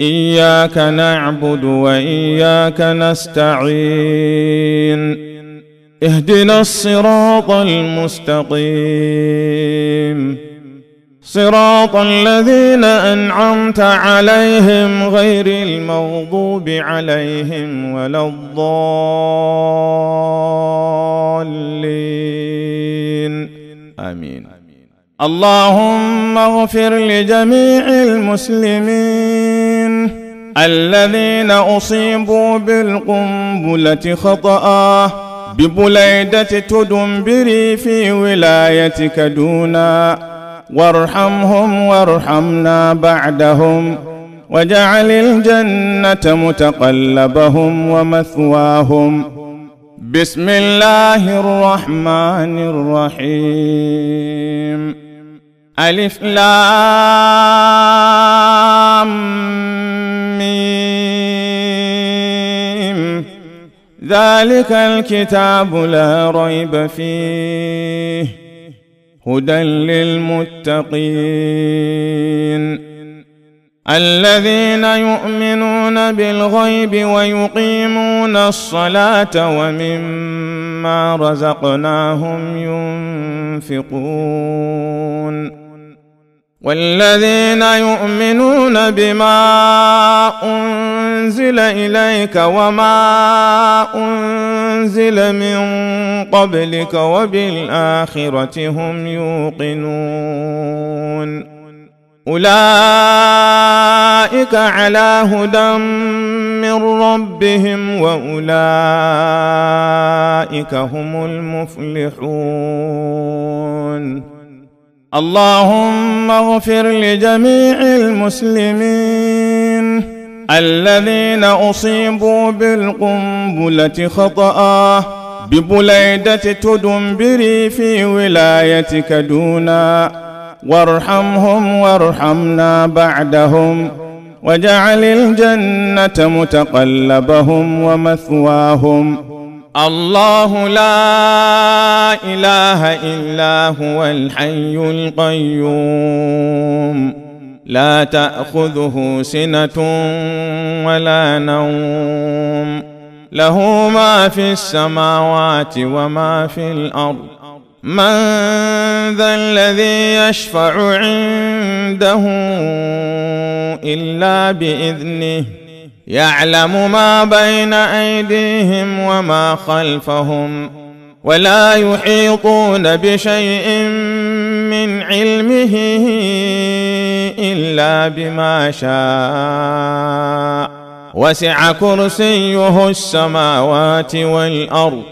اياك نعبد واياك نستعين اهدنا الصراط المستقيم صراط الذين انعمت عليهم غير المغضوب عليهم ولا الضالين امين اللهم اغفر لجميع المسلمين الذين أصيبوا بالقنبلة خطأ ببليدة تدنبري في ولايتك دونا وارحمهم وارحمنا بعدهم وجعل الجنة متقلبهم ومثواهم بسم الله الرحمن الرحيم ألف لام ميم ذلك الكتاب لا ريب فيه هدى للمتقين الذين يؤمنون بالغيب ويقيمون الصلاة ومما رزقناهم ينفقون والذين يؤمنون بما انزل اليك وما انزل من قبلك وبالاخره هم يوقنون اولئك على هدى من ربهم واولئك هم المفلحون اللهم اغفر لجميع المسلمين الذين أصيبوا بالقنبلة خطأ ببليدة تدنبري في ولايتك دونا وارحمهم وارحمنا بعدهم وجعل الجنة متقلبهم ومثواهم الله لا اله الا هو الحي القيوم لا تاخذه سنه ولا نوم له ما في السماوات وما في الارض من ذا الذي يشفع عنده الا باذنه يعلم ما بين ايديهم وما خلفهم ولا يحيطون بشيء من علمه الا بما شاء وسع كرسيه السماوات والارض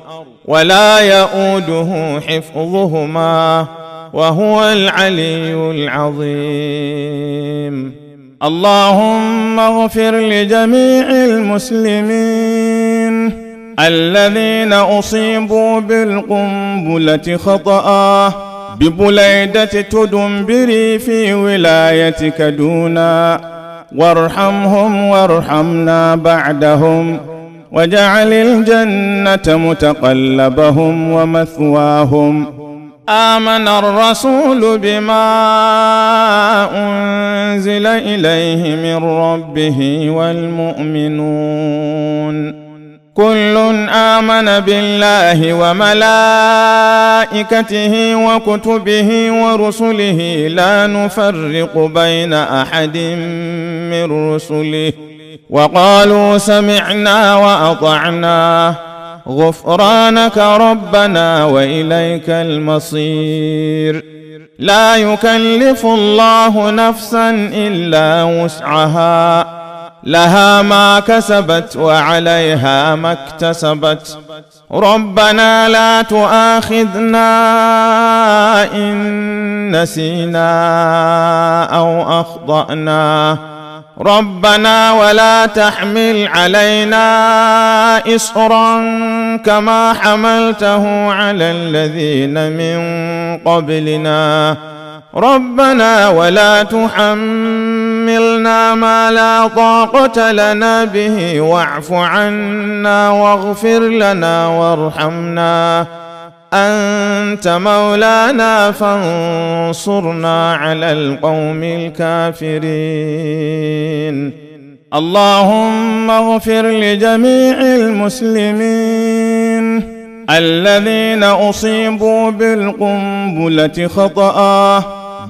ولا يئوده حفظهما وهو العلي العظيم اللهم اغفر لجميع المسلمين الذين أصيبوا بالقنبلة خطأ ببليدة تدنبري في ولايتك دونا وارحمهم وارحمنا بعدهم وجعل الجنة متقلبهم ومثواهم آمن الرسول بما أنزل إليه من ربه والمؤمنون كل آمن بالله وملائكته وكتبه ورسله لا نفرق بين أحد من رسله وقالوا سمعنا وأطعنا غفرانك ربنا واليك المصير لا يكلف الله نفسا الا وسعها لها ما كسبت وعليها ما اكتسبت ربنا لا تؤاخذنا ان نسينا او اخطانا ربنا ولا تحمل علينا اصرا كما حملته على الذين من قبلنا ربنا ولا تحملنا ما لا طاقه لنا به واعف عنا واغفر لنا وارحمنا انت مولانا فانصرنا على القوم الكافرين اللهم اغفر لجميع المسلمين الذين اصيبوا بالقنبله خطأ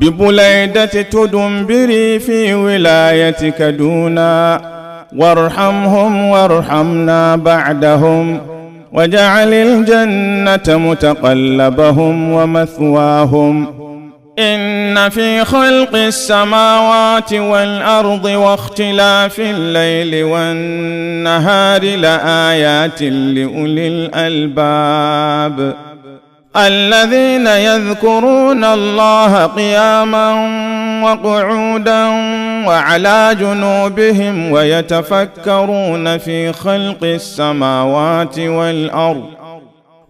ببليده تدنبري في ولايتك دونا وارحمهم وارحمنا بعدهم واجعل الجنة متقلبهم ومثواهم إن في خلق السماوات والأرض واختلاف الليل والنهار لآيات لأولي الألباب الذين يذكرون الله قياما وقعودا وعلى جنوبهم ويتفكرون في خلق السماوات والارض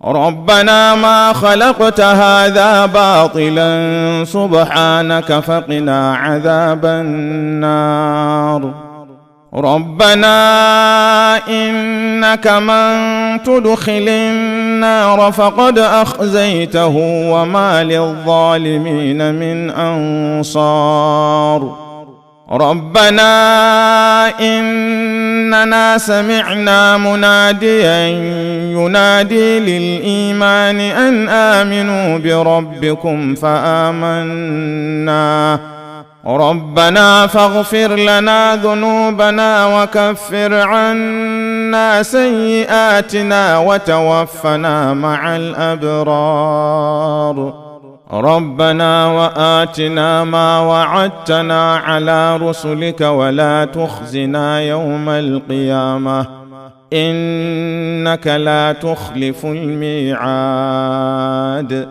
ربنا ما خلقت هذا باطلا سبحانك فقنا عذاب النار ربنا انك من تدخل النار فقد اخزيته وما للظالمين من انصار ربنا اننا سمعنا مناديا ينادي للايمان ان امنوا بربكم فامنا ربنا فاغفر لنا ذنوبنا وكفر عنا سيئاتنا وتوفنا مع الابرار ربنا واتنا ما وعدتنا على رسلك ولا تخزنا يوم القيامه انك لا تخلف الميعاد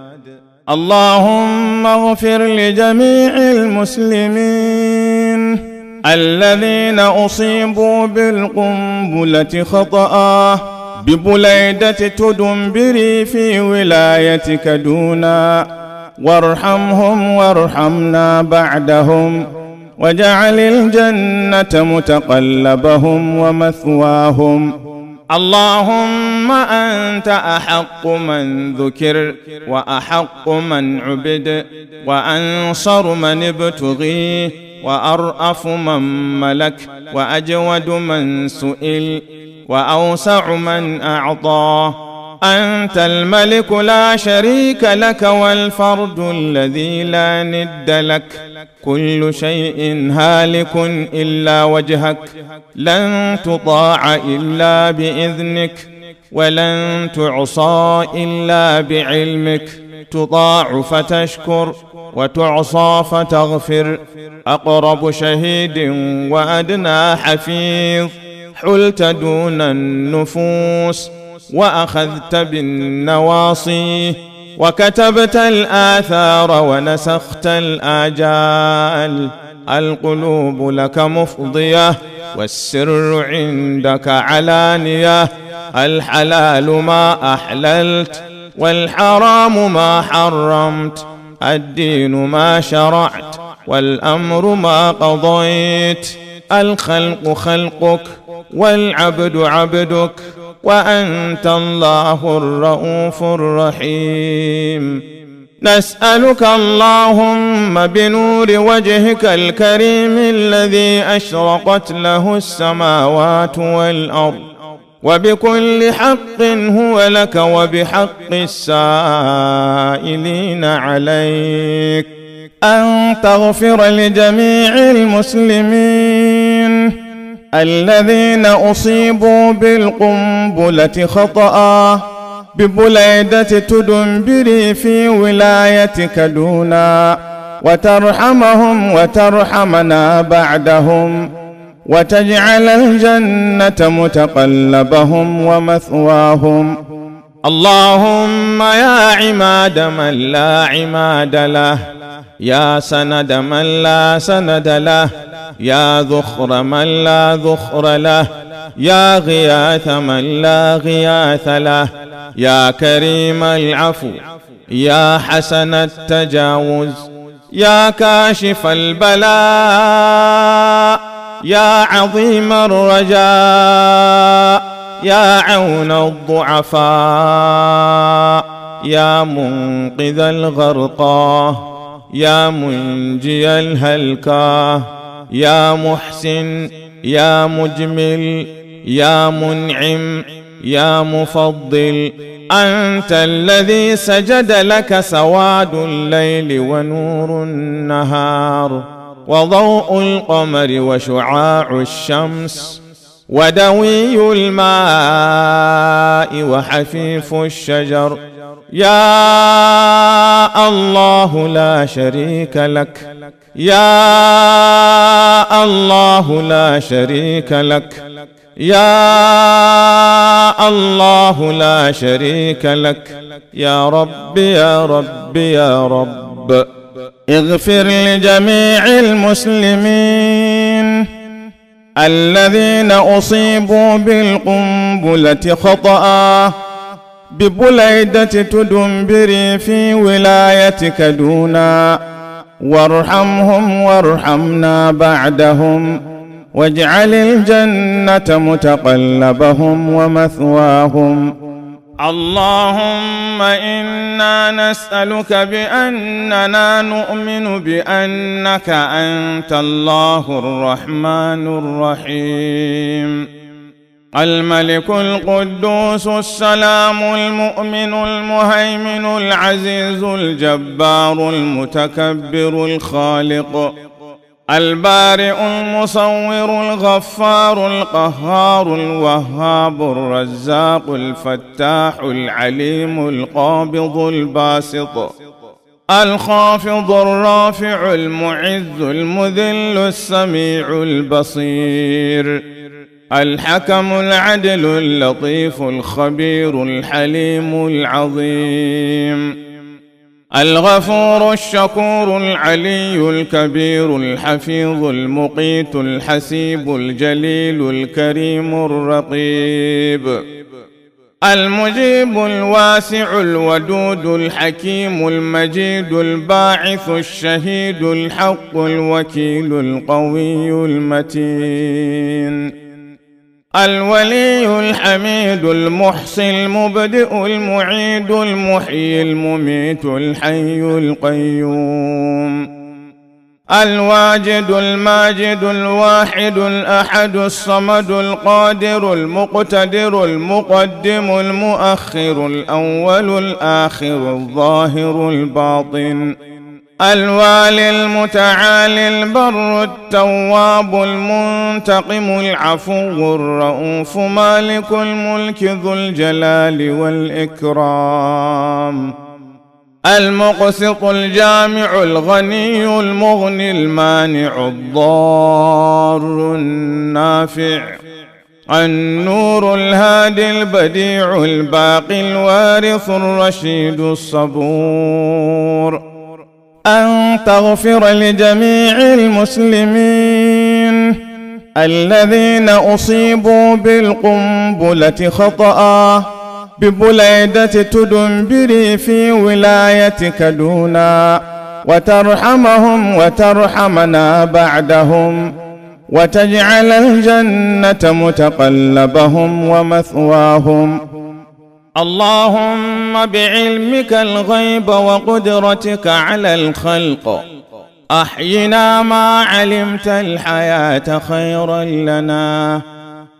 اللهم اغفر لجميع المسلمين الذين أصيبوا بالقنبلة خطأ ببليدة تدنبري في ولايتك دونا وارحمهم وارحمنا بعدهم وجعل الجنة متقلبهم ومثواهم اللهم ثم انت احق من ذكر واحق من عبد وانصر من ابتغيه وارأف من ملك واجود من سئل واوسع من اعطى انت الملك لا شريك لك والفرد الذي لا ند لك كل شيء هالك الا وجهك لن تطاع الا باذنك ولن تعصى الا بعلمك تطاع فتشكر وتعصى فتغفر اقرب شهيد وادنى حفيظ حلت دون النفوس واخذت بالنواصي وكتبت الاثار ونسخت الاجال القلوب لك مفضيه والسر عندك علانيه الحلال ما أحللت والحرام ما حرمت الدين ما شرعت والأمر ما قضيت الخلق خلقك والعبد عبدك وأنت الله الرؤوف الرحيم نسألك اللهم بنور وجهك الكريم الذي أشرقت له السماوات والأرض وبكل حق هو لك وبحق السائلين عليك ان تغفر لجميع المسلمين الذين اصيبوا بالقنبله خطا ببليده تدنبري في ولايتك دونا وترحمهم وترحمنا بعدهم وتجعل الجنة متقلبهم ومثواهم اللهم يا عماد من لا عماد له يا سند من لا سند له يا ذخر من لا ذخر له يا غياث من لا غياث له يا كريم العفو يا حسن التجاوز يا كاشف البلاء يا عظيم الرجاء يا عون الضعفاء يا منقذ الغرقى يا منجي الهلكى يا محسن يا مجمل يا منعم يا مفضل أنت الذي سجد لك سواد الليل ونور النهار وضوء القمر وشعاع الشمس ودوي الماء وحفيف الشجر يا الله لا شريك لك يا الله لا شريك لك يا الله لا شريك لك يا رب يا رب يا رب, يا رب اغفر لجميع المسلمين الذين أصيبوا بالقنبلة خطأ ببليدة تدمبري في ولايتك دونا وارحمهم وارحمنا بعدهم واجعل الجنة متقلبهم ومثواهم اللهم انا نسالك باننا نؤمن بانك انت الله الرحمن الرحيم الملك القدوس السلام المؤمن المهيمن العزيز الجبار المتكبر الخالق البارئ المصور الغفار القهار الوهاب الرزاق الفتاح العليم القابض الباسط الخافض الرافع المعز المذل السميع البصير الحكم العدل اللطيف الخبير الحليم العظيم الغفور الشكور العلي الكبير الحفيظ المقيت الحسيب الجليل الكريم الرقيب المجيب الواسع الودود الحكيم المجيد الباعث الشهيد الحق الوكيل القوي المتين الولي الحميد المحصي المبدئ المعيد المحيي المميت الحي القيوم الواجد الماجد الواحد الاحد الصمد القادر المقتدر المقدم المؤخر الاول الاخر الظاهر الباطن الوالي المتعالي البر التواب المنتقم العفو الرؤوف مالك الملك ذو الجلال والاكرام المقسط الجامع الغني المغني المانع الضار النافع النور الهادي البديع الباقي الوارث الرشيد الصبور أن تغفر لجميع المسلمين الذين أصيبوا بالقنبلة خطأ ببليدة تدنبري في ولاية كدونا وترحمهم وترحمنا بعدهم وتجعل الجنة متقلبهم ومثواهم اللهم بعلمك الغيب وقدرتك على الخلق أحينا ما علمت الحياة خيرا لنا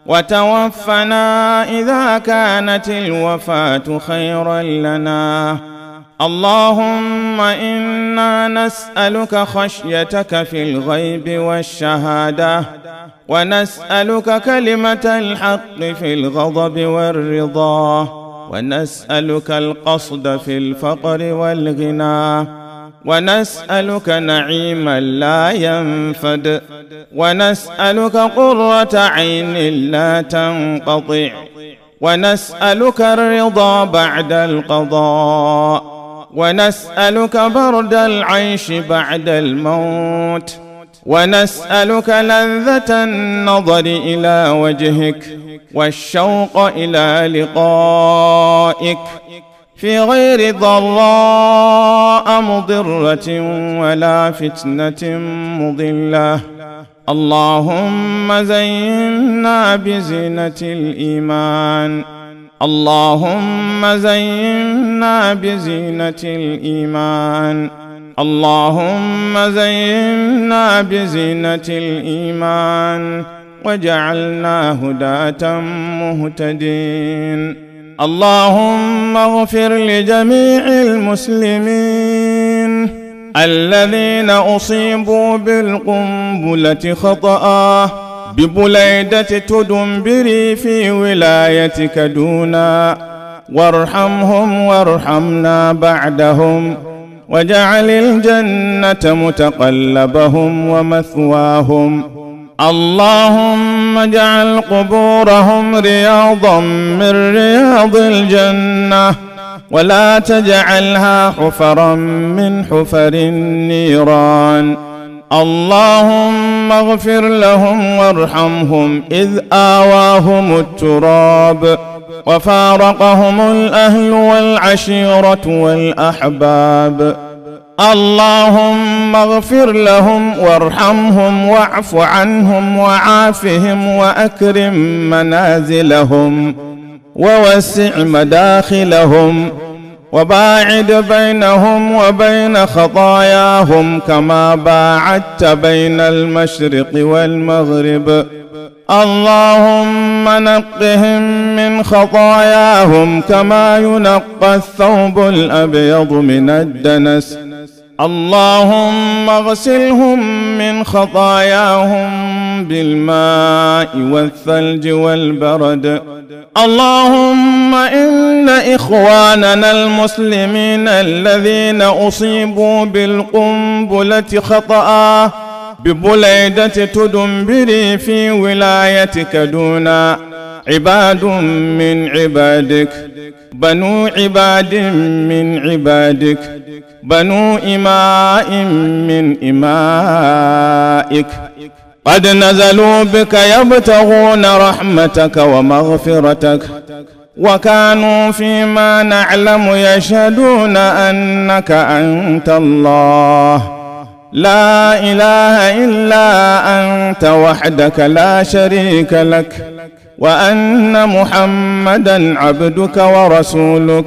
وتوفنا إذا كانت الوفاة خيرا لنا اللهم إنا نسألك خشيتك في الغيب والشهادة ونسألك كلمة الحق في الغضب والرضا ونسألك القصد في الفقر والغنى ونسألك نعيما لا ينفد ونسألك قرة عين لا تنقطع ونسألك الرضا بعد القضاء ونسألك برد العيش بعد الموت ونسألك لذة النظر إلى وجهك والشوق إلى لقائك في غير ضراء مضرة ولا فتنة مضلة اللهم زينا بزينة الإيمان اللهم زينا بزينة الإيمان اللهم زينا بزينة الإيمان وجعلنا هداة مهتدين اللهم اغفر لجميع المسلمين الذين أصيبوا بالقنبلة خطأ ببليدة تدنبري في ولايتك دونا وارحمهم وارحمنا بعدهم وجعل الجنة متقلبهم ومثواهم اللهم اجعل قبورهم رياضا من رياض الجنة ولا تجعلها حفرا من حفر النيران اللهم اغفر لهم وارحمهم إذ آواهم التراب وفارقهم الأهل والعشيرة والأحباب اللهم اغفر لهم وارحمهم واعف عنهم وعافهم وأكرم منازلهم ووسع مداخلهم وباعد بينهم وبين خطاياهم كما باعدت بين المشرق والمغرب اللهم نقهم من خطاياهم كما ينقى الثوب الأبيض من الدنس اللهم اغسلهم من خطاياهم بالماء والثلج والبرد اللهم إن إخواننا المسلمين الذين أصيبوا بالقنبلة خطأ ببليدة تدنبري في ولايتك دونا عباد من عبادك بنو عباد من عبادك بنو إماء من إمائك قد نزلوا بك يبتغون رحمتك ومغفرتك وكانوا فيما نعلم يشهدون أنك أنت الله لا إله إلا أنت وحدك لا شريك لك وأن محمدا عبدك ورسولك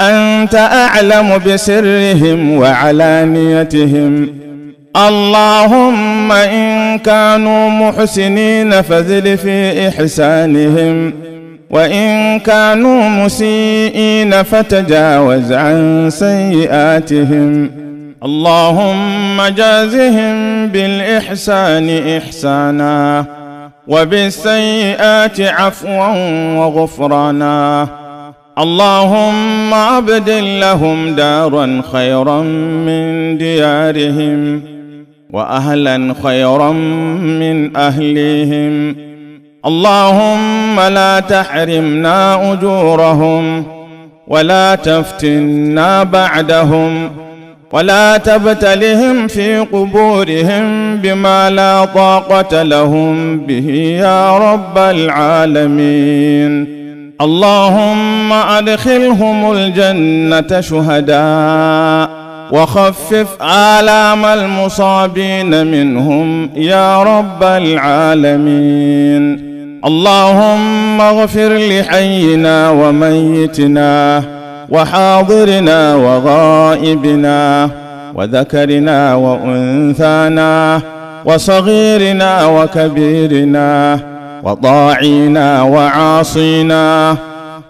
أنت أعلم بسرهم وعلانيتهم اللهم إن كانوا محسنين فذل في إحسانهم وإن كانوا مسيئين فتجاوز عن سيئاتهم اللهم جازهم بالإحسان إحسانا وبالسيئات عفوا وغفرانا اللهم أبدل لهم دارا خيرا من ديارهم وأهلا خيرا من أهليهم اللهم لا تحرمنا أجورهم ولا تفتنا بعدهم ولا تبتلهم في قبورهم بما لا طاقة لهم به يا رب العالمين اللهم أدخلهم الجنة شهداء وخفف آلام المصابين منهم يا رب العالمين اللهم اغفر لحينا وميتنا وحاضرنا وغائبنا وذكرنا وانثانا وصغيرنا وكبيرنا وطاعينا وعاصينا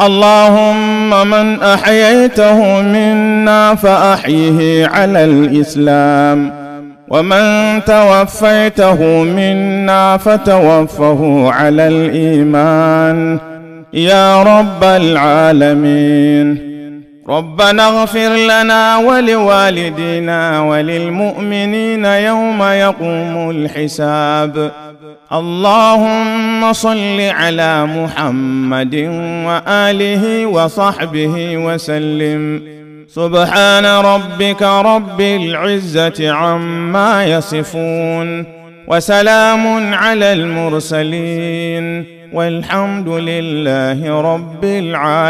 اللهم من احييته منا فاحيه على الاسلام ومن توفيته منا فتوفه على الايمان يا رب العالمين ربنا اغفر لنا ولوالدينا وللمؤمنين يوم يقوم الحساب اللهم صل على محمد واله وصحبه وسلم سبحان ربك رب العزه عما يصفون وسلام على المرسلين والحمد لله رب العالمين